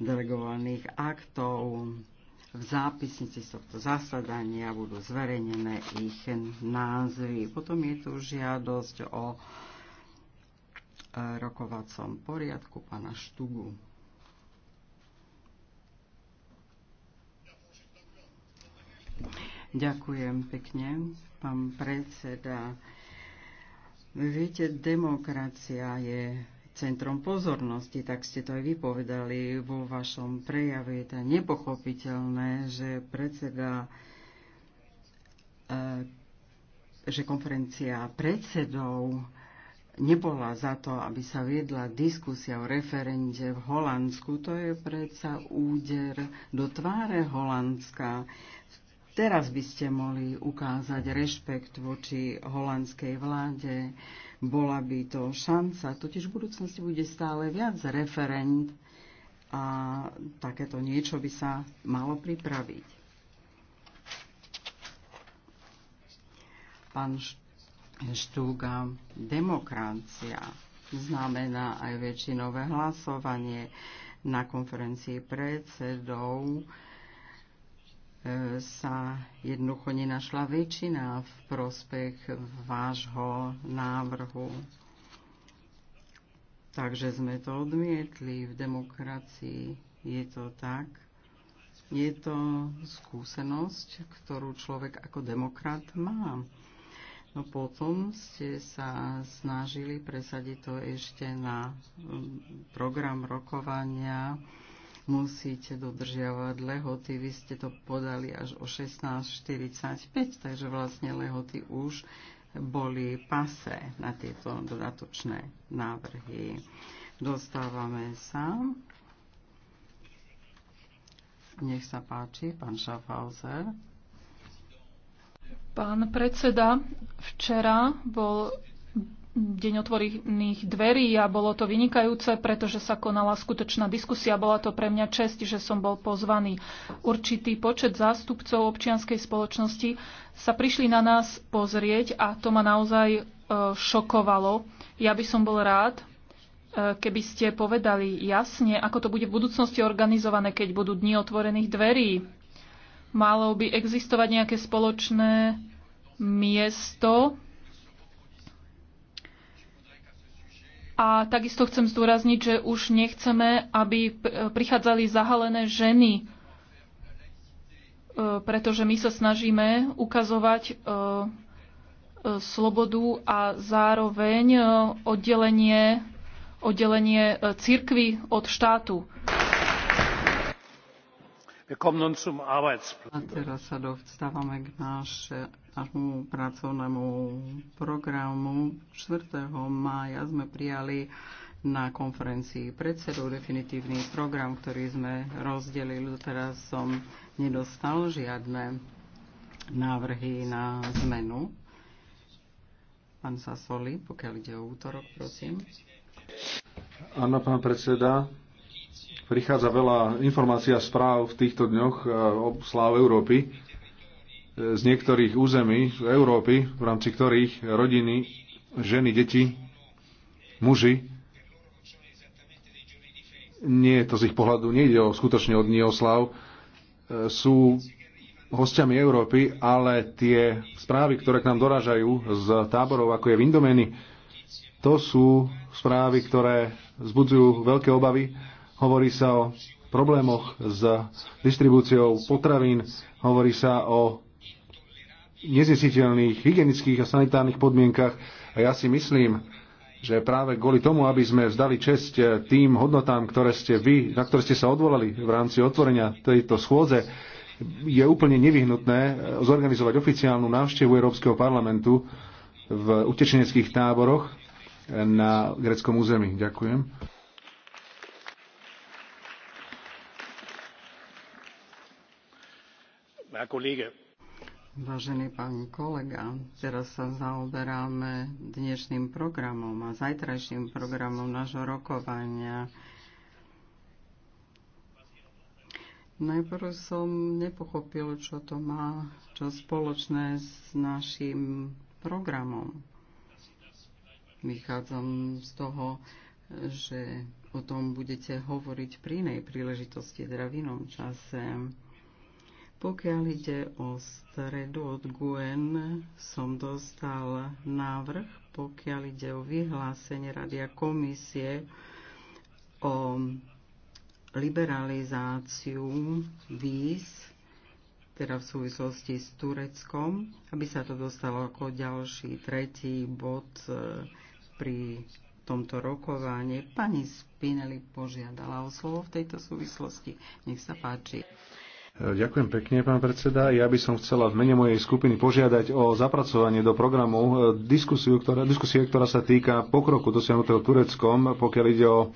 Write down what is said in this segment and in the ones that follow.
delegovaných aktov. V zápisnici z tohto zasadania budú zverejnené ich názvy. Potom je tu žiadosť o e, rokovacom poriadku pána Štugu. Ďakujem pekne, pán predseda. Viete, demokracia je centrom pozornosti, tak ste to aj vypovedali vo vašom prejave. Je to nepochopiteľné, že predseda eh, že konferencia predsedov nebola za to, aby sa viedla diskusia o referende v Holandsku. To je predsa úder do tváre Holandska. Teraz by ste mohli ukázať rešpekt voči holandskej vláde. Bola by to šanca, totiž v budúcnosti bude stále viac referent a takéto niečo by sa malo pripraviť. Pán Štúga, demokracia znamená aj väčšinové hlasovanie na konferencii predsedov sa jednoducho nenašla väčšina v prospech vášho návrhu. Takže sme to odmietli v demokracii. Je to tak. Je to skúsenosť, ktorú človek ako demokrat má. No potom ste sa snažili presadiť to ešte na mm, program rokovania musíte dodržiavať lehoty. Vy ste to podali až o 16.45, takže vlastne lehoty už boli pase na tieto dodatočné návrhy. Dostávame sa. Nech sa páči, pán Schaffhauser. Pán predseda, včera bol deň otvorených dverí a bolo to vynikajúce, pretože sa konala skutočná diskusia. Bola to pre mňa čest, že som bol pozvaný. Určitý počet zástupcov občianskej spoločnosti sa prišli na nás pozrieť a to ma naozaj e, šokovalo. Ja by som bol rád, e, keby ste povedali jasne, ako to bude v budúcnosti organizované, keď budú dni otvorených dverí. Malo by existovať nejaké spoločné miesto, A takisto chcem zdôrazniť, že už nechceme, aby prichádzali zahalené ženy, e, pretože my sa snažíme ukazovať e, e, slobodu a zároveň oddelenie, oddelenie církvy od štátu. A teraz sa dostávame k našej nášmu pracovnému programu. 4. mája sme prijali na konferencii predsedov definitívny program, ktorý sme rozdelili. Teraz som nedostal žiadne návrhy na zmenu. Pán Sasoli, pokiaľ ide o útorok, prosím. Áno, pán predseda. Prichádza veľa informácií a správ v týchto dňoch e, o sláve Európy z niektorých území z Európy, v rámci ktorých rodiny, ženy, deti, muži, nie je to z ich pohľadu, nejde o, skutočne od Nioslav, e, sú hostiami Európy, ale tie správy, ktoré k nám dorážajú z táborov, ako je v to sú správy, ktoré vzbudzujú veľké obavy. Hovorí sa o problémoch s distribúciou potravín, hovorí sa o neznesiteľných hygienických a sanitárnych podmienkach. A ja si myslím, že práve kvôli tomu, aby sme vzdali čest eh, tým hodnotám, ktoré ste vy, na ktoré ste sa odvolali v rámci otvorenia tejto schôdze, je úplne nevyhnutné eh, zorganizovať oficiálnu návštevu Európskeho parlamentu v utečeneckých táboroch eh, na greckom území. Ďakujem. Herr Kollege, Vážený pán kolega, teraz sa zaoberáme dnešným programom a zajtrajším programom nášho rokovania. Najprv som nepochopil, čo to má čo spoločné s našim programom. Vychádzam z toho, že o tom budete hovoriť pri inej príležitosti, teda v inom čase. Pokiaľ ide o stredu od Guen, som dostal návrh, pokiaľ ide o vyhlásenie Radia komisie o liberalizáciu víz, teda v súvislosti s Tureckom, aby sa to dostalo ako ďalší, tretí bod e, pri tomto rokovaní, Pani Spinelli požiadala o slovo v tejto súvislosti. Nech sa páči. Ďakujem pekne, pán predseda. Ja by som chcela v mene mojej skupiny požiadať o zapracovanie do programu e, diskusiu, ktorá, diskusie, ktorá sa týka pokroku dosiahnutého Tureckom, pokiaľ ide o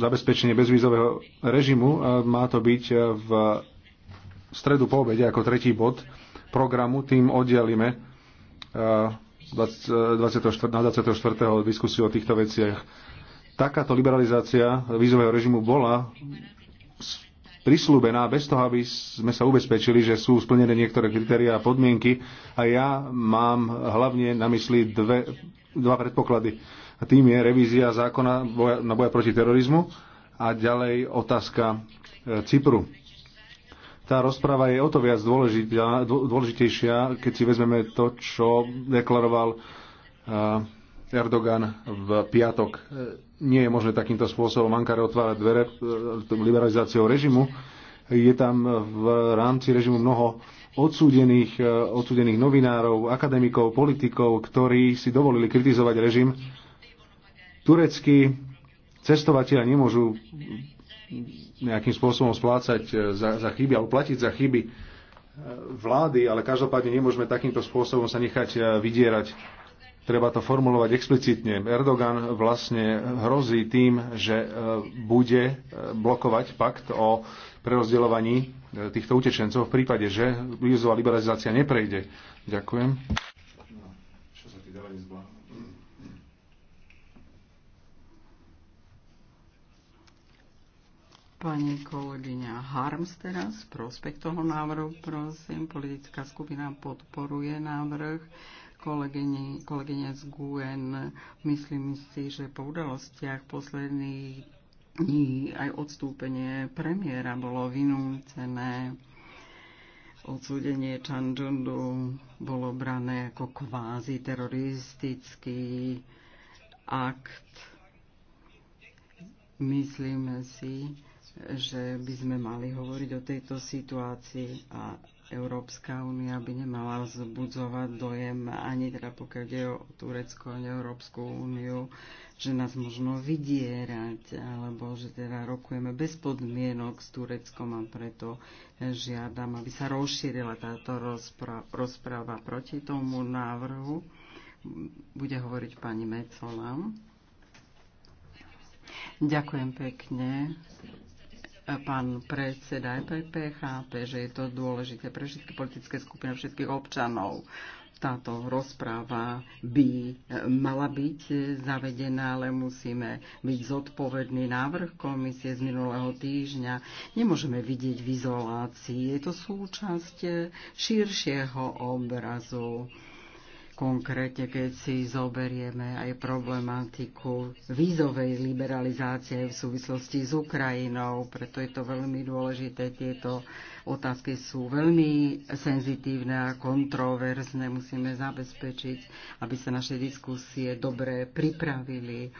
zabezpečenie bezvízového režimu. Má to byť v stredu po obede ako tretí bod programu. Tým oddialíme 24, e, e, na 24. diskusiu o týchto veciach. Takáto liberalizácia vízového režimu bola prislúbená, bez toho, aby sme sa ubezpečili, že sú splnené niektoré kritériá a podmienky. A ja mám hlavne na mysli dve, dva predpoklady. A tým je revízia zákona boja, na boja proti terorizmu a ďalej otázka e, Cypru. Tá rozpráva je o to viac dôležitá, dôležitejšia, keď si vezmeme to, čo deklaroval uh, Erdogan v piatok. Nie je možné takýmto spôsobom Ankara otvárať dvere e, liberalizáciou režimu. Je tam v rámci režimu mnoho odsúdených, e, odsúdených novinárov, akademikov, politikov, ktorí si dovolili kritizovať režim. Tureckí cestovatelia nemôžu nejakým spôsobom splácať e, za, za chyby alebo platiť za chyby vlády, ale každopádne nemôžeme takýmto spôsobom sa nechať vydierať treba to formulovať explicitne. Erdogan vlastne hrozí tým, že e, bude e, blokovať pakt o prerozdeľovaní e, týchto utečencov v prípade, že vízová liberalizácia neprejde. Ďakujem. Pani kolegyňa Harms teraz, prospekt toho návrhu, prosím, politická skupina podporuje návrh kolegyne, kolegyne z GUN. Myslím si, že po udalostiach posledných dní aj odstúpenie premiéra bolo vynúcené. Odsúdenie Čanžundu bolo brané ako kvázi teroristický akt. Myslíme si, že by sme mali hovoriť o tejto situácii a Európska únia by nemala zbudzovať dojem ani teda pokiaľ ide o Turecko, ani Európsku úniu, že nás možno vydierať, alebo že teda rokujeme bez podmienok s Tureckom a preto žiadam, aby sa rozšírila táto rozpra- rozpráva proti tomu návrhu. Bude hovoriť pani Mecola. Ďakujem pekne. Pán predseda EPP chápe, že je to dôležité pre všetky politické skupiny, všetkých občanov. Táto rozpráva by e, mala byť zavedená, ale musíme byť zodpovedný. Návrh komisie z minulého týždňa nemôžeme vidieť v izolácii. Je to súčasť e, širšieho obrazu Konkrétne, keď si zoberieme aj problematiku vízovej liberalizácie v súvislosti s Ukrajinou, preto je to veľmi dôležité. Tieto otázky sú veľmi senzitívne a kontroverzne. Musíme zabezpečiť, aby sa naše diskusie dobre pripravili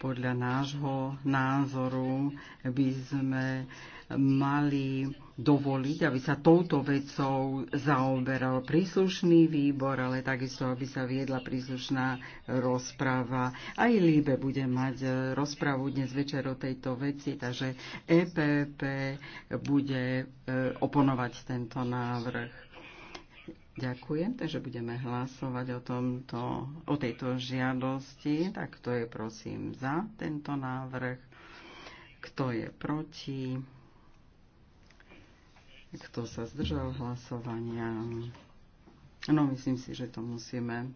podľa nášho názoru by sme mali dovoliť, aby sa touto vecou zaoberal príslušný výbor, ale takisto, aby sa viedla príslušná rozprava. Aj Líbe bude mať e, rozpravu dnes večer o tejto veci, takže EPP bude e, oponovať tento návrh. Ďakujem, takže budeme hlasovať o, tomto, o tejto žiadosti. Tak kto je prosím za tento návrh? Kto je proti? Kto sa zdržal hlasovania? No, myslím si, že to musíme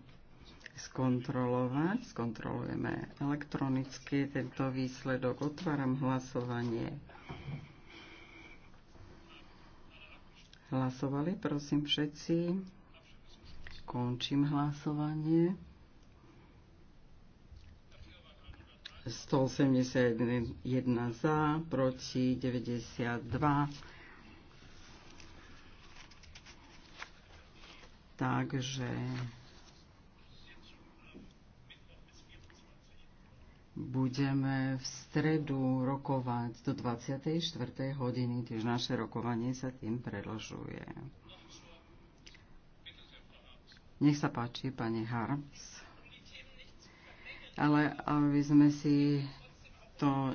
skontrolovať. Skontrolujeme elektronicky tento výsledok. Otváram hlasovanie. Hlasovali, prosím, všetci. Končím hlasovanie. 181 za, proti 92. Takže budeme v stredu rokovať do 24. hodiny, tiež naše rokovanie sa tým predlžuje. Nech sa páči, pani Harms. Ale aby sme si to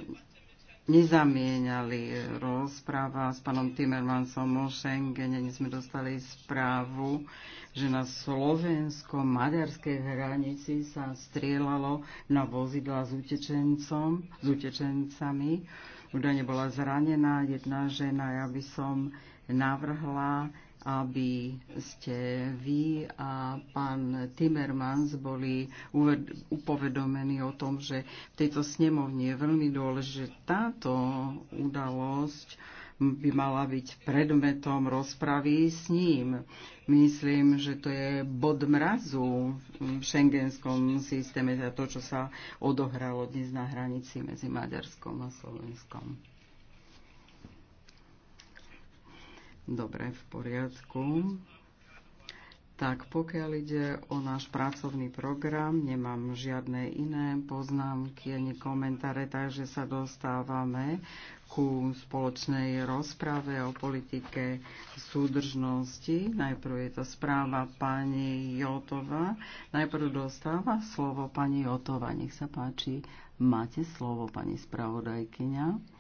nezamieňali. Rozpráva s pánom Timmermansom o Schengene, sme dostali správu, že na slovensko-maďarskej hranici sa strieľalo na vozidla s, utečencom, s utečencami. Údajne bola zranená jedna žena. Ja by som navrhla aby ste vy a pán Timmermans boli upovedomení o tom, že v tejto snemovni je veľmi dôležité, že táto udalosť by mala byť predmetom rozpravy s ním. Myslím, že to je bod mrazu v šengenskom systéme, za teda to, čo sa odohralo dnes na hranici medzi Maďarskom a Slovenskom. Dobre, v poriadku. Tak pokiaľ ide o náš pracovný program, nemám žiadne iné poznámky ani komentáre, takže sa dostávame ku spoločnej rozprave o politike súdržnosti. Najprv je to správa pani Jotova. Najprv dostáva slovo pani Jotova. Nech sa páči, máte slovo, pani spravodajkyňa.